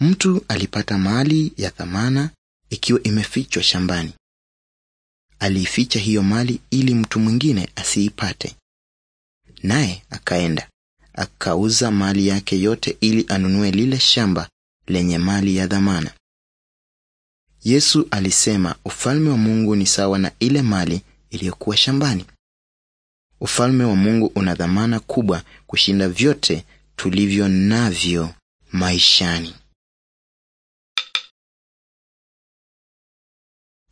Mtu alipata mali ya thamana ikiwa imefichwa shambani. Aliificha hiyo mali ili mtu mwingine asiipate, naye akaenda akauza mali yake yote ili anunue lile shamba lenye mali ya dhamana. Yesu alisema ufalme wa Mungu ni sawa na ile mali iliyokuwa shambani. Ufalme wa Mungu una dhamana kubwa kushinda vyote tulivyo navyo maishani.